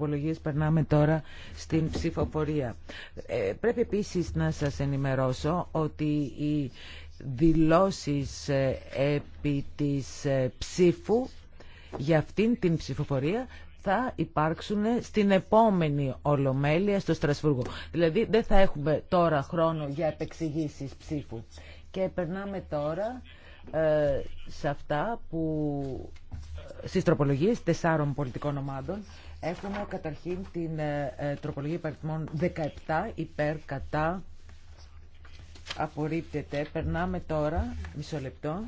τροπολογίες περνάμε τώρα στην ψηφοφορία. Ε, πρέπει επίσης να σας ενημερώσω ότι οι δηλώσεις ε, επί της ε, ψήφου για αυτήν την ψηφοφορία θα υπάρξουν στην επόμενη Ολομέλεια στο Στρασβούργο. Δηλαδή δεν θα έχουμε τώρα χρόνο για επεξηγήσεις ψήφου. Και περνάμε τώρα ε, σε αυτά που στις τροπολογίες τεσσάρων πολιτικών ομάδων Έχουμε καταρχήν την ε, ε, τροπολογία υπαριθμών 17 υπέρ κατά απορρίπτεται. Περνάμε τώρα, μισό λεπτό,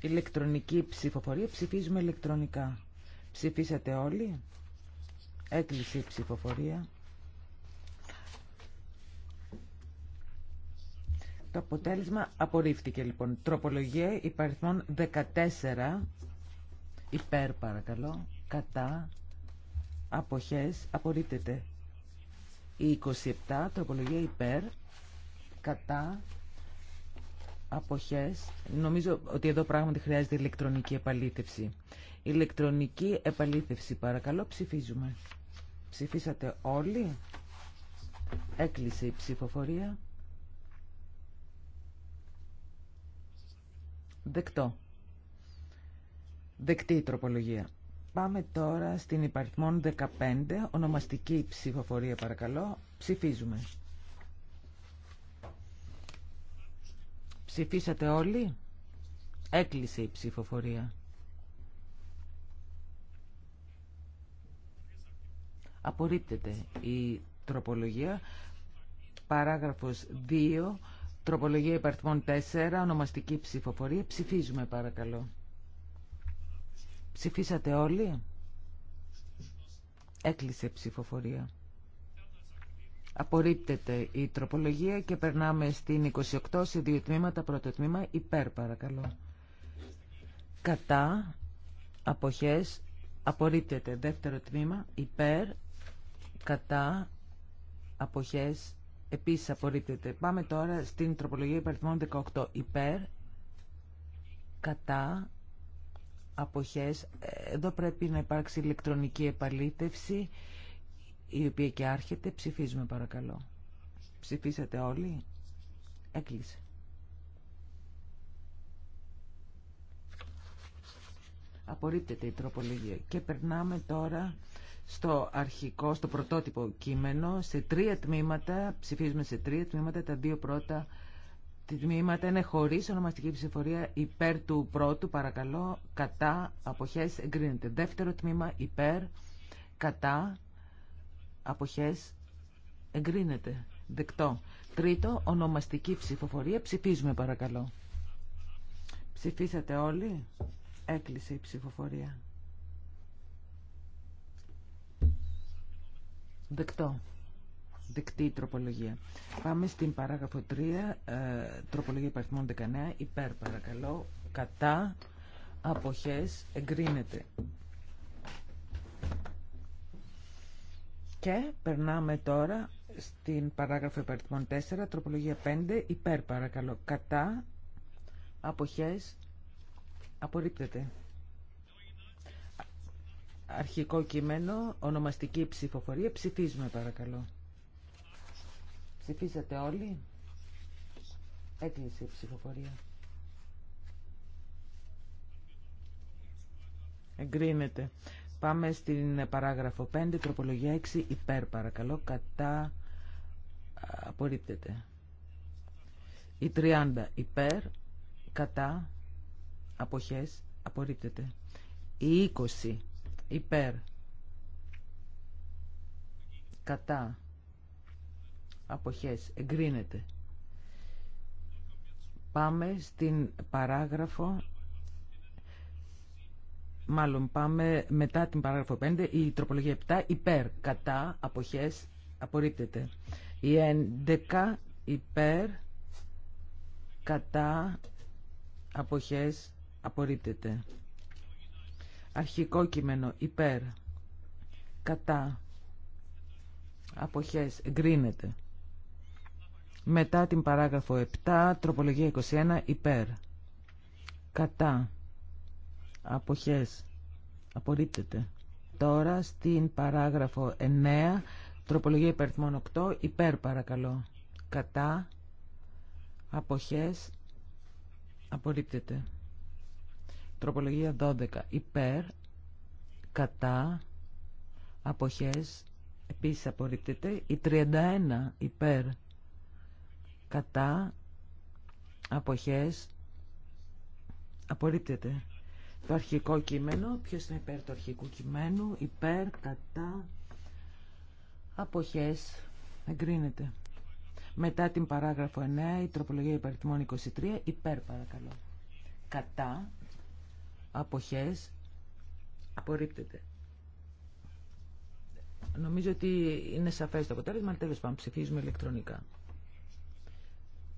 ηλεκτρονική ψηφοφορία. Ψηφίζουμε ηλεκτρονικά. Ψηφίσατε όλοι. Έκλεισε η ψηφοφορία. Το αποτέλεσμα απορρίφθηκε λοιπόν. Τροπολογία υπαριθμών 14 υπέρ παρακαλώ, κατά, αποχές, απορρίπτεται. Η 27, τροπολογία υπέρ, κατά, αποχές. Νομίζω ότι εδώ πράγματι χρειάζεται ηλεκτρονική επαλήθευση. Ηλεκτρονική επαλήθευση, παρακαλώ, ψηφίζουμε. Ψηφίσατε όλοι. Έκλεισε η ψηφοφορία. Δεκτό. Δεκτή η τροπολογία. Πάμε τώρα στην υπαριθμόν 15, ονομαστική ψηφοφορία παρακαλώ. Ψηφίζουμε. Ψηφίσατε όλοι. Έκλεισε η ψηφοφορία. Απορρίπτεται η τροπολογία. Παράγραφος 2, τροπολογία υπαριθμών 4, ονομαστική ψηφοφορία. Ψηφίζουμε παρακαλώ. Ψηφίσατε όλοι. Έκλεισε ψηφοφορία. Απορρίπτεται η τροπολογία και περνάμε στην 28 σε δύο τμήματα. Πρώτο τμήμα υπέρ παρακαλώ. Κατά αποχές απορρίπτεται. Δεύτερο τμήμα υπέρ κατά αποχές επίσης απορρίπτεται. Πάμε τώρα στην τροπολογία υπαριθμών 18 υπέρ κατά αποχές. Εδώ πρέπει να υπάρξει ηλεκτρονική επαλήτευση, η οποία και άρχεται. Ψηφίζουμε παρακαλώ. Ψηφίσατε όλοι. Έκλεισε. Απορρίπτεται η τροπολογία. Και περνάμε τώρα στο αρχικό, στο πρωτότυπο κείμενο, σε τρία τμήματα, ψηφίζουμε σε τρία τμήματα, τα δύο πρώτα τμήματα είναι χωρί ονομαστική ψηφορία υπέρ του πρώτου παρακαλώ κατά αποχές εγκρίνεται δεύτερο τμήμα υπέρ κατά αποχές εγκρίνεται δεκτό τρίτο ονομαστική ψηφοφορία ψηφίζουμε παρακαλώ ψηφίσατε όλοι έκλεισε η ψηφοφορία δεκτό δεκτή τροπολογία. Πάμε στην παράγραφο 3, ε, τροπολογία υπαριθμών 19, υπέρ παρακαλώ, κατά, αποχές, εγκρίνεται. Και περνάμε τώρα στην παράγραφο υπαριθμών 4, τροπολογία 5, υπέρ παρακαλώ, κατά, αποχές, απορρίπτεται. Αρχικό κείμενο, ονομαστική ψηφοφορία, ψηφίζουμε παρακαλώ. Ψηφίσατε όλοι. Έκλεισε η ψηφοφορία. Εγκρίνεται. Πάμε στην παράγραφο 5, τροπολογία 6, υπέρ παρακαλώ, κατά απορρίπτεται. Η 30 υπέρ, κατά, αποχές, απορρίπτεται. Η 20 υπέρ, κατά, αποχές εγκρίνεται. Πάμε στην παράγραφο μάλλον πάμε μετά την παράγραφο 5, η τροπολογία 7, υπέρ, κατά, αποχές, απορρίπτεται. Η 11, υπέρ, κατά, αποχές, απορρίπτεται. Αρχικό κείμενο, υπέρ, κατά, αποχές, εγκρίνεται. Μετά την παράγραφο 7, τροπολογία 21, υπέρ. Κατά. Αποχές. Απορρίπτεται. Τώρα στην παράγραφο 9, τροπολογία υπερθμών 8, υπέρ παρακαλώ. Κατά. Αποχές. Απορρίπτεται. Τροπολογία 12, υπέρ. Κατά. Αποχές. Επίσης απορρίπτεται. Η 31, υπέρ κατά αποχές απορρίπτεται το αρχικό κείμενο ποιος είναι υπέρ του αρχικού κειμένου υπέρ κατά αποχές εγκρίνεται μετά την παράγραφο 9 η τροπολογία υπαριθμών 23 υπέρ παρακαλώ κατά αποχές απορρίπτεται νομίζω ότι είναι σαφές το αποτέλεσμα αλλά τέλος πάντων ψηφίζουμε ηλεκτρονικά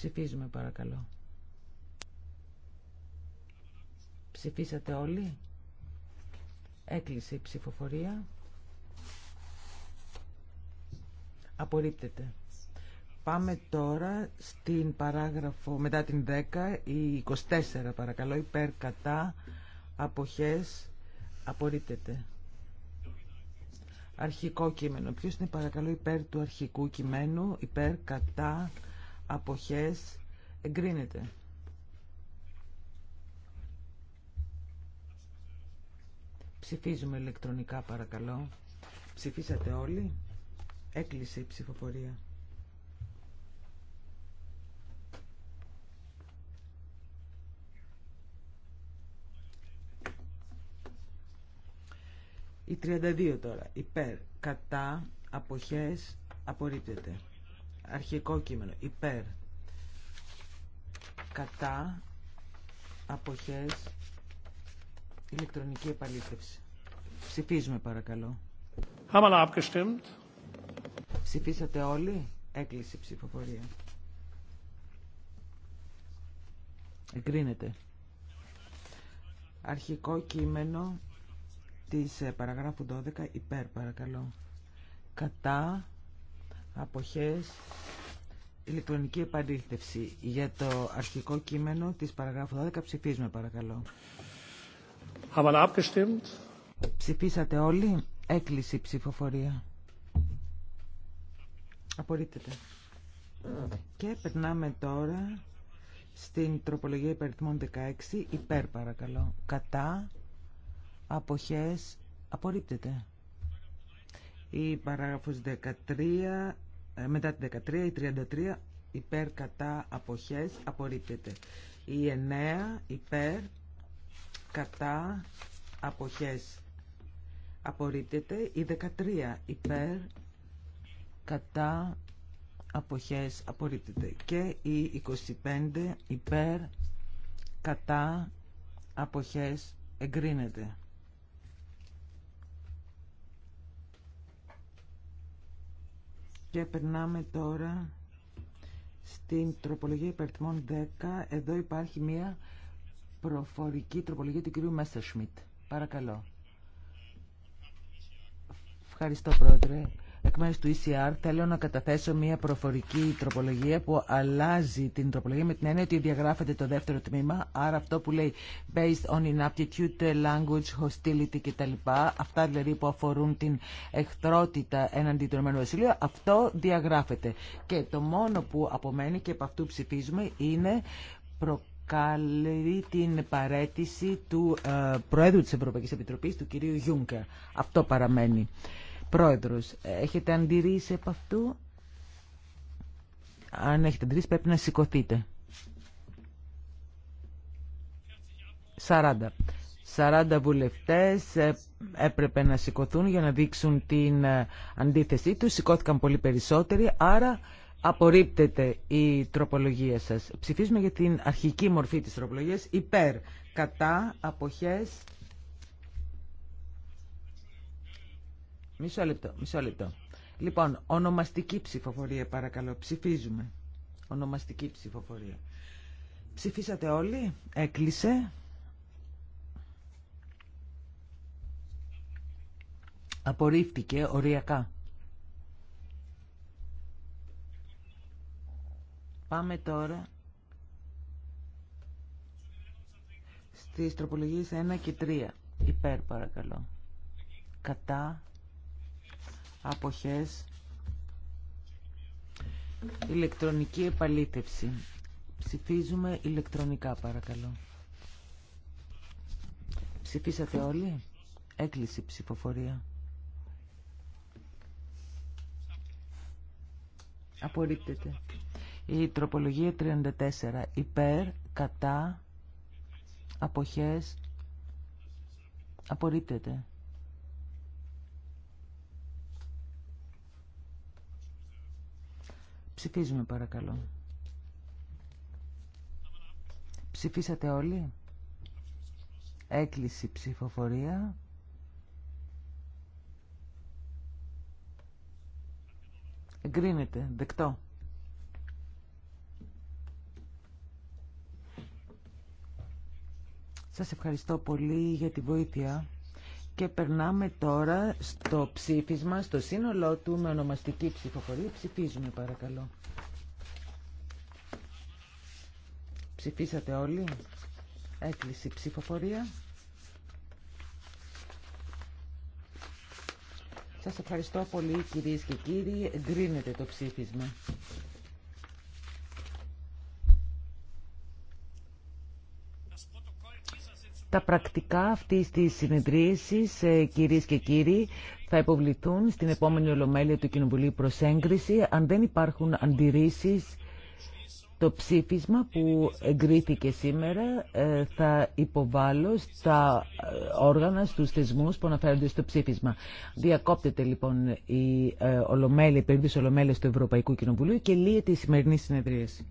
Ψηφίζουμε παρακαλώ. Ψηφίσατε όλοι. Έκλεισε η ψηφοφορία. Απορρίπτεται. Πάμε τώρα στην παράγραφο, μετά την 10, η 24 παρακαλώ, υπέρ κατά, αποχές, απορρίπτεται. Αρχικό κείμενο. Ποιος είναι παρακαλώ υπέρ του αρχικού κειμένου, υπέρ κατά, αποχές εγκρίνεται. Ψηφίζουμε ηλεκτρονικά παρακαλώ. Ψηφίσατε όλοι. Έκλεισε η ψηφοφορία. Η 32 τώρα. Υπέρ, κατά, αποχές, απορρίπτεται αρχικό κείμενο υπέρ κατά αποχές ηλεκτρονική επαλήθευση ψηφίζουμε παρακαλώ ψηφίσατε όλοι έκλεισε η ψηφοφορία εγκρίνεται αρχικό κείμενο της ε, παραγράφου 12 υπέρ παρακαλώ κατά αποχές ηλεκτρονική επαντήθευση για το αρχικό κείμενο της παραγράφου 12 ψηφίζουμε παρακαλώ ψηφίσατε όλοι έκλεισε ψηφοφορία απορρίπτεται και περνάμε τώρα στην τροπολογία υπεριθμών 16 υπέρ παρακαλώ κατά αποχές απορρίπτεται η παράγραφος 13, ε, μετά την 13 η 33 υπέρ κατά αποχές απορρίπτεται. Η 9 υπέρ κατά αποχές απορρίπτεται. Η 13 υπέρ κατά αποχές απορρίπτεται. Και η 25 υπέρ κατά αποχές εγκρίνεται. Και περνάμε τώρα στην τροπολογία υπερτιμών 10. Εδώ υπάρχει μία προφορική τροπολογία του κυρίου Μέσσερ Σμιτ. Παρακαλώ. Ευχαριστώ, Πρόεδρε εκ μέρου του ECR θέλω να καταθέσω μια προφορική τροπολογία που αλλάζει την τροπολογία με την έννοια ότι διαγράφεται το δεύτερο τμήμα, άρα αυτό που λέει based on inaptitude, language, hostility κτλ. Αυτά δηλαδή που αφορούν την εχθρότητα έναντι του Ηνωμένου αυτό διαγράφεται. Και το μόνο που απομένει και από αυτού ψηφίζουμε είναι προ την παρέτηση του ε, Προέδρου της Ευρωπαϊκής Επιτροπής, του κυρίου Γιούγκερ. Αυτό παραμένει. Πρόεδρος, έχετε αντιρρήσει από αυτού. Αν έχετε αντιρρήσει πρέπει να σηκωθείτε. 40. 40 βουλευτές ε, έπρεπε να σηκωθούν για να δείξουν την ε, αντίθεσή τους. Σηκώθηκαν πολύ περισσότεροι, άρα απορρίπτεται η τροπολογία σας. Ψηφίζουμε για την αρχική μορφή της τροπολογίας υπέρ, κατά, αποχές, Μισό λεπτό, μισό λεπτό. Λοιπόν, ονομαστική ψηφοφορία παρακαλώ. Ψηφίζουμε. Ονομαστική ψηφοφορία. Ψηφίσατε όλοι. Έκλεισε. Απορρίφθηκε οριακά. Πάμε τώρα στις τροπολογίες 1 και 3. Υπέρ παρακαλώ. Κατά αποχές ηλεκτρονική επαλήθευση ψηφίζουμε ηλεκτρονικά παρακαλώ ψηφίσατε όλοι έκλεισε η ψηφοφορία απορρίπτεται η τροπολογία 34 υπέρ, κατά αποχές απορρίπτεται Ψηφίζουμε παρακαλώ. Ψηφίσατε όλοι. Έκλειση ψηφοφορία. Εγκρίνεται. Δεκτό. Σας ευχαριστώ πολύ για τη βοήθεια. Και περνάμε τώρα στο ψήφισμα, στο σύνολό του, με ονομαστική ψηφοφορία. Ψηφίζουμε παρακαλώ. Ψηφίσατε όλοι. Έκλεισε η ψηφοφορία. Σας ευχαριστώ πολύ κυρίες και κύριοι. Εγκρίνετε το ψήφισμα. Τα πρακτικά αυτή της συνεδρίασης, κύριε και κύριοι, θα υποβληθούν στην επόμενη Ολομέλεια του Κοινοβουλίου προς έγκριση. Αν δεν υπάρχουν αντιρρήσει το ψήφισμα που εγκρίθηκε σήμερα ε, θα υποβάλω στα ε, όργανα, στους θεσμούς που αναφέρονται στο ψήφισμα. Διακόπτεται λοιπόν η, ε, η περίπτωση Ολομέλειας του Ευρωπαϊκού Κοινοβουλίου και λύεται η σημερινή συνεδρίαση.